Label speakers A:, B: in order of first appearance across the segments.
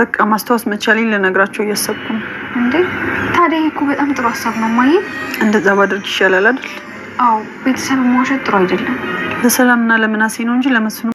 A: በቃ ማስታወስ መቻሌን ልነግራቸው እያሰብኩ ነው።
B: እንዴ ታዲያ እኮ በጣም ጥሩ ሀሳብ ነው ማየ።
A: እንደዛ ባደርግ ይሻላል አይደል?
B: አዎ ቤተሰብ መዋሸት ጥሩ አይደለም።
A: ለሰላምና ለምናሴ ነው እንጂ ለመስፍኑ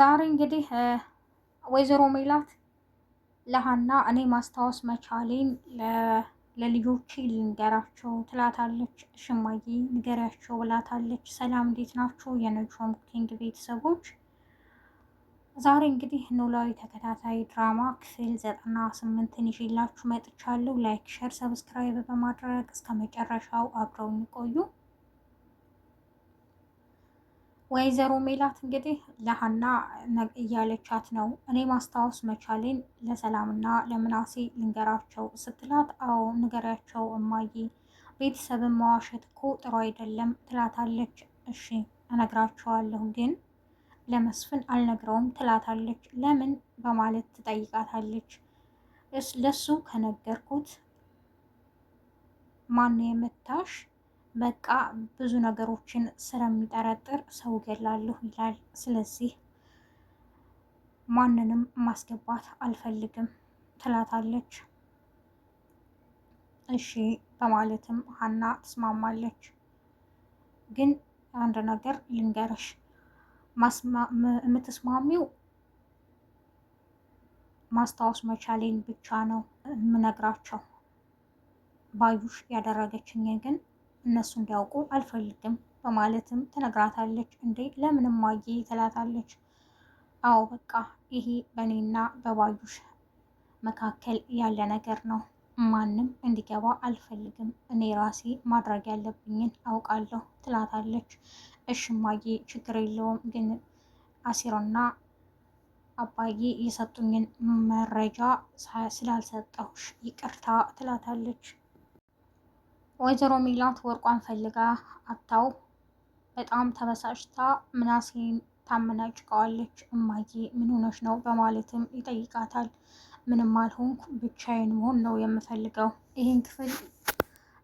C: ዛሬ እንግዲህ ወይዘሮ ሜላት ለሀና እኔ ማስታወስ መቻሌን ለልጆች ልንገራቸው ትላታለች። እሽማዬ ንገሪያቸው ብላታለች። ሰላም እንዴት ናቸው የነጆም ኩኪንግ ቤተሰቦች? ዛሬ እንግዲህ ኖላዊ ተከታታይ ድራማ ክፍል ዘጠና ስምንትን ይዤላችሁ መጥቻለሁ። ላይክ፣ ሸር፣ ሰብስክራይብ በማድረግ እስከ መጨረሻው አብረውን ይቆዩ። ወይዘሮ ሜላት እንግዲህ ለሀና እያለቻት ነው። እኔ ማስታወስ መቻሌን ለሰላምና ለምናሴ ልንገራቸው ስትላት፣ አዎ ንገሪያቸው እማዬ፣ ቤተሰብን መዋሸት እኮ ጥሩ አይደለም ትላታለች። እሺ እነግራቸዋለሁ፣ ግን ለመስፍን አልነግረውም ትላታለች። ለምን በማለት ትጠይቃታለች። ለሱ ከነገርኩት ማን የመታሽ በቃ ብዙ ነገሮችን ስለሚጠረጥር ሰው ገላለሁ ይላል። ስለዚህ ማንንም ማስገባት አልፈልግም ትላታለች። እሺ በማለትም ሀና ትስማማለች። ግን አንድ ነገር ልንገርሽ፣ የምትስማሚው ማስታወስ መቻሌን ብቻ ነው የምነግራቸው። ባዩሽ ያደረገችኝ ግን እነሱ እንዲያውቁ አልፈልግም በማለትም ትነግራታለች። እንዴ ለምንም ማየ ትላታለች። አዎ በቃ ይሄ በእኔና በባዩሽ መካከል ያለ ነገር ነው። ማንም እንዲገባ አልፈልግም። እኔ ራሴ ማድረግ ያለብኝን አውቃለሁ ትላታለች። እሽ እማዬ፣ ችግር የለውም ግን አሲሮና አባዬ የሰጡኝን መረጃ ስላልሰጠሁሽ ይቅርታ ትላታለች። ወይዘሮ ሚላት ወርቋን ፈልጋ አታው በጣም ተበሳጭታ ምናሴን ታመናጭቀዋለች። እማዬ ምን ሆነሽ ነው በማለትም ይጠይቃታል። ምንም አልሆንኩ ብቻዬን መሆን ነው የምፈልገው፣ ይህን ክፍል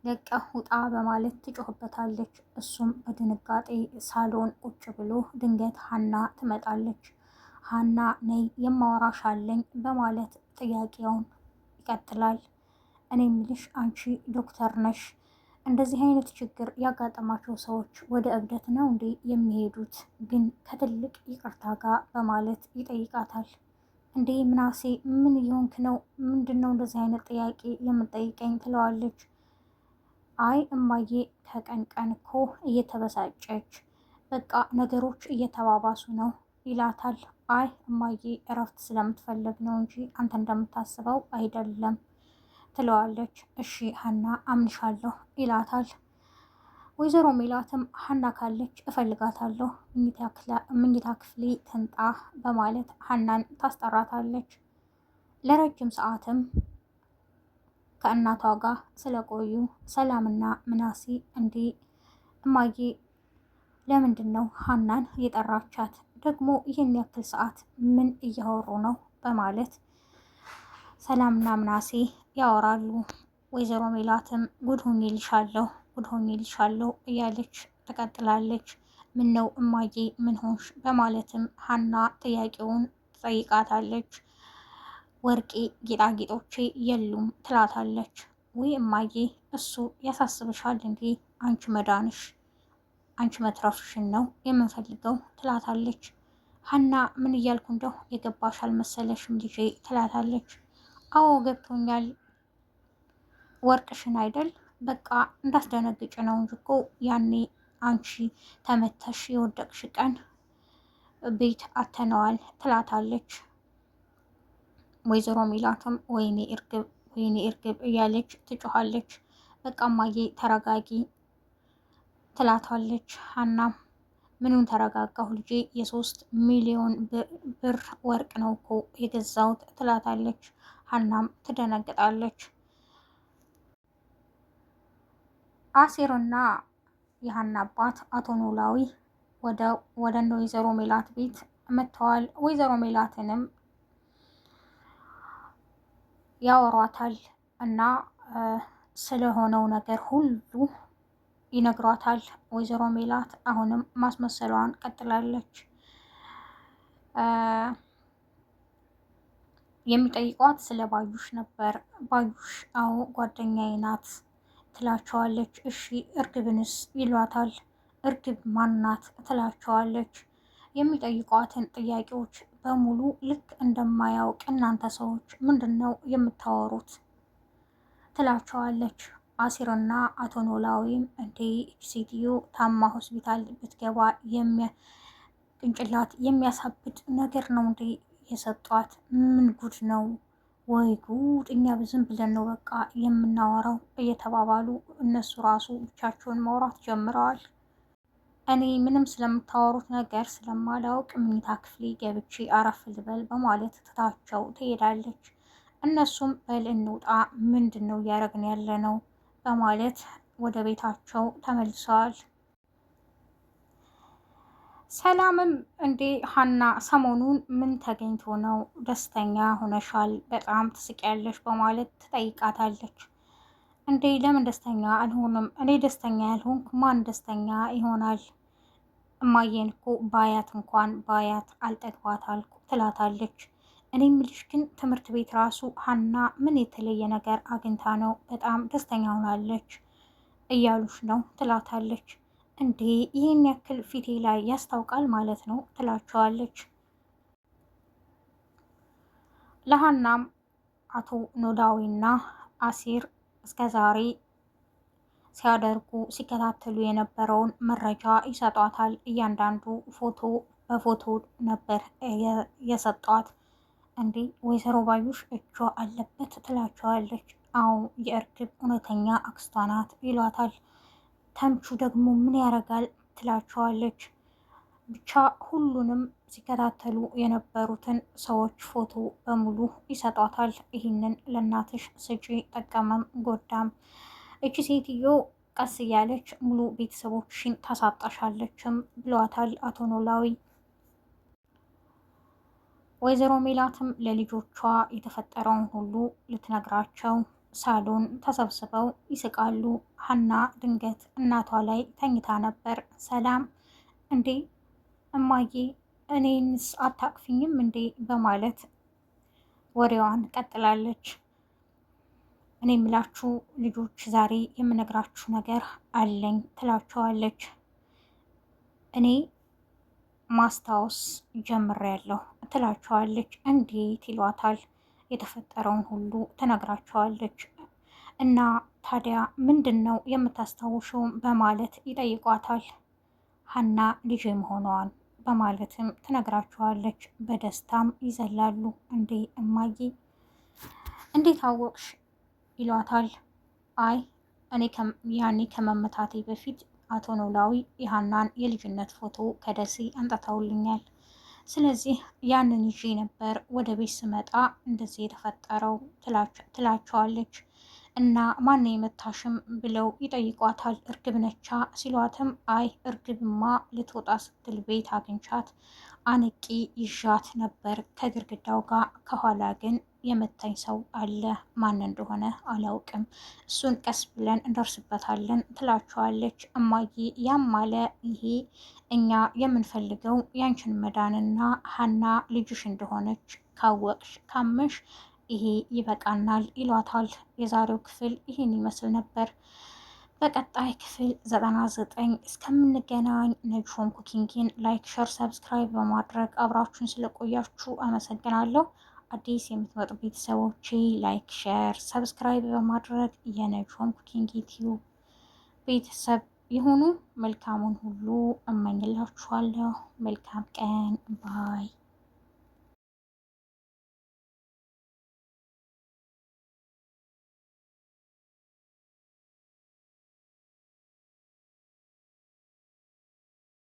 C: ለቀህ ውጣ በማለት ትጮህበታለች። እሱም በድንጋጤ ሳሎን ቁጭ ብሎ ድንገት ሀና ትመጣለች። ሀና ነይ የማወራሽ አለኝ በማለት ጥያቄውን ይቀጥላል። እኔ ምልሽ አንቺ ዶክተር ነሽ እንደዚህ አይነት ችግር ያጋጠማቸው ሰዎች ወደ እብደት ነው እንዴ የሚሄዱት? ግን ከትልቅ ይቅርታ ጋር በማለት ይጠይቃታል። እንዴ ምናሴ ምን እየሆንክ ነው? ምንድን ነው እንደዚህ አይነት ጥያቄ የምጠይቀኝ? ትለዋለች። አይ እማዬ ከቀን ቀን እኮ እየተበሳጨች በቃ ነገሮች እየተባባሱ ነው ይላታል። አይ እማዬ እረፍት ስለምትፈልግ ነው እንጂ አንተ እንደምታስበው አይደለም ትለዋለች። እሺ ሀና አምንሻለሁ ይላታል። ወይዘሮ ሜላትም ሀና ካለች እፈልጋታለሁ፣ ምኝታ ክፍሌ ትንጣ በማለት ሀናን ታስጠራታለች። ለረጅም ሰዓትም ከእናቷ ጋር ስለቆዩ ሰላምና ምናሴ እንዴ እማዬ ለምንድን ነው ሀናን የጠራቻት? ደግሞ ይህን ያክል ሰዓት ምን እያወሩ ነው? በማለት ሰላምና ምናሴ ያወራሉ። ወይዘሮ ሜላትም ጉድ ሆኜልሻለሁ ጉድ ሆኜልሻለሁ እያለች ትቀጥላለች። ምን ነው እማዬ ምን ሆንሽ? በማለትም ሀና ጥያቄውን ትጠይቃታለች። ወርቄ ጌጣጌጦቼ የሉም ትላታለች። ውይ እማዬ እሱ ያሳስብሻል እንዴ? አንቺ መዳንሽ አንቺ መትረፍሽን ነው የምንፈልገው ትላታለች። ሀና ምን እያልኩ እንደሁ የገባሽ አልመሰለሽም ልጄ ትላታለች። አዎ ገብቶኛል ወርቅሽን አይደል? በቃ እንዳስደነግጭ ነው እንጂ እኮ ያኔ አንቺ ተመተሽ የወደቅሽ ቀን ቤት አተነዋል ትላታለች። ወይዘሮ ሚላትም ወይኔ እርግብ ወይኔ እርግብ እያለች ትጮኋለች። በቃ እማዬ ተረጋጊ ትላታለች። ሀና። ምኑን ተረጋጋሁ ልጄ የሶስት ሚሊዮን ብር ወርቅ ነው እኮ የገዛሁት ትላታለች። ሀናም ትደነግጣለች። አሴርና የሀና አባት አቶ ኖላዊ ወደ እነ ወይዘሮ ሜላት ቤት መጥተዋል። ወይዘሮ ሜላትንም ያወሯታል እና ስለሆነው ነገር ሁሉ ይነግሯታል። ወይዘሮ ሜላት አሁንም ማስመሰሏን ቀጥላለች። የሚጠይቋት ስለ ባዩሽ ነበር። ባዩሽ አዎ ጓደኛዬ ናት ትላቸዋለች። እሺ እርግብንስ ይሏታል። እርግብ ማናት ትላቸዋለች። የሚጠይቋትን ጥያቄዎች በሙሉ ልክ እንደማያውቅ እናንተ ሰዎች ምንድን ነው የምታወሩት? ትላቸዋለች። አሲርና አቶ ኖላዊም እንዴ ሴትዮ ታማ ሆስፒታል ብትገባ ቅንጭላት የሚያሳብድ ነገር ነው እንዴ የሰጧት? ምን ጉድ ነው ወይ ጉድ እኛ ዝም ብለን ነው በቃ የምናወራው እየተባባሉ እነሱ ራሱ ብቻቸውን ማውራት ጀምረዋል። እኔ ምንም ስለምታወሩት ነገር ስለማላውቅ መኝታ ክፍሌ ገብቼ አረፍ ልበል በማለት ትታቸው ትሄዳለች። እነሱም በል እንውጣ፣ ምንድን ነው እያደረግን ያለ ነው በማለት ወደ ቤታቸው ተመልሰዋል። ሰላምም እንዴ ሀና ሰሞኑን ምን ተገኝቶ ነው ደስተኛ ሆነሻል? በጣም ትስቂያለሽ በማለት ትጠይቃታለች። እንዴ ለምን ደስተኛ አልሆንም? እኔ ደስተኛ ያልሆንኩ ማን ደስተኛ ይሆናል? እማዬን እኮ ባያት እንኳን ባያት አልጠግባት አልኩ ትላታለች። እኔ ምልሽ ግን ትምህርት ቤት ራሱ ሀና ምን የተለየ ነገር አግኝታ ነው በጣም ደስተኛ ሆናለች እያሉሽ ነው ትላታለች። እንዴ ይህን ያክል ፊቴ ላይ ያስታውቃል ማለት ነው ትላቸዋለች። ለሀናም አቶ ኖላዊና አሲር እስከዛሬ ሲያደርጉ ሲከታተሉ የነበረውን መረጃ ይሰጧታል። እያንዳንዱ ፎቶ በፎቶ ነበር የሰጧት። እንዴ ወይዘሮ ባዩሽ እጇ አለበት ትላቸዋለች። አዎ የእርግብ እውነተኛ አክስቷ ናት ይሏታል። ተምቹ ደግሞ ምን ያደርጋል ትላቸዋለች። ብቻ ሁሉንም ሲከታተሉ የነበሩትን ሰዎች ፎቶ በሙሉ ይሰጧታል። ይህንን ለእናትሽ ስጪ፣ ጠቀመም ጎዳም። እቺ ሴትዮ ቀስ እያለች ሙሉ ቤተሰቦችሽን ታሳጣሻለችም ብለዋታል አቶ ኖላዊ። ወይዘሮ ሜላትም ለልጆቿ የተፈጠረውን ሁሉ ልትነግራቸው ሳሎን ተሰብስበው ይስቃሉ። ሀና ድንገት እናቷ ላይ ተኝታ ነበር። ሰላም እንዴ እማዬ እኔንስ አታቅፍኝም እንዴ በማለት ወሬዋን ቀጥላለች። እኔ የምላችሁ ልጆች ዛሬ የምነግራችሁ ነገር አለኝ ትላቸዋለች። እኔ ማስታወስ ጀምሬያለሁ ትላቸዋለች። እንዴት ይሏታል። የተፈጠረውን ሁሉ ተነግራቸዋለች። እና ታዲያ ምንድን ነው የምታስታውሽው በማለት ይጠይቋታል። ሀና ልጄ መሆኗን በማለትም ትነግራቸዋለች። በደስታም ይዘላሉ። እንዴ እማዬ እንዴት አወቅሽ ይሏታል። አይ እኔ ያኔ ከመመታቴ በፊት አቶ ኖላዊ የሀናን የልጅነት ፎቶ ከደሴ አንጠታውልኛል። ስለዚህ ያንን ይዤ ነበር ወደ ቤት ስመጣ እንደዚህ የተፈጠረው ትላቸዋለች። እና ማን የመታሽም ብለው ይጠይቋታል። እርግብ ነቻ ሲሏትም አይ እርግብማ ልትወጣ ስትል ቤት አግኝቻት አነቂ ይዣት ነበር ከግርግዳው ጋር ከኋላ ግን የመታኝ ሰው አለ። ማን እንደሆነ አላውቅም። እሱን ቀስ ብለን እንደርስበታለን ትላቸዋለች። እማዬ ያም አለ ይሄ እኛ የምንፈልገው ያንችን መዳንና ሀና ልጅሽ እንደሆነች ካወቅሽ ካመሽ ይሄ ይበቃናል ይሏታል። የዛሬው ክፍል ይህን ይመስል ነበር። በቀጣይ ክፍል ዘጠኝ እስከምንገናኝ ነጅሆም ኩኪንግን ላይክ፣ ሸር፣ ሰብስክራይብ በማድረግ አብራችሁን ስለቆያችሁ አመሰግናለሁ። አዲስ የምትመጡ ቤተሰቦቼ ላይክ፣ ሼር፣ ሰብስክራይብ በማድረግ የነጆም ኩኪንግ ዩቲዩብ ቤተሰብ የሆኑ መልካሙን ሁሉ እመኝላችኋለሁ። መልካም ቀን ባይ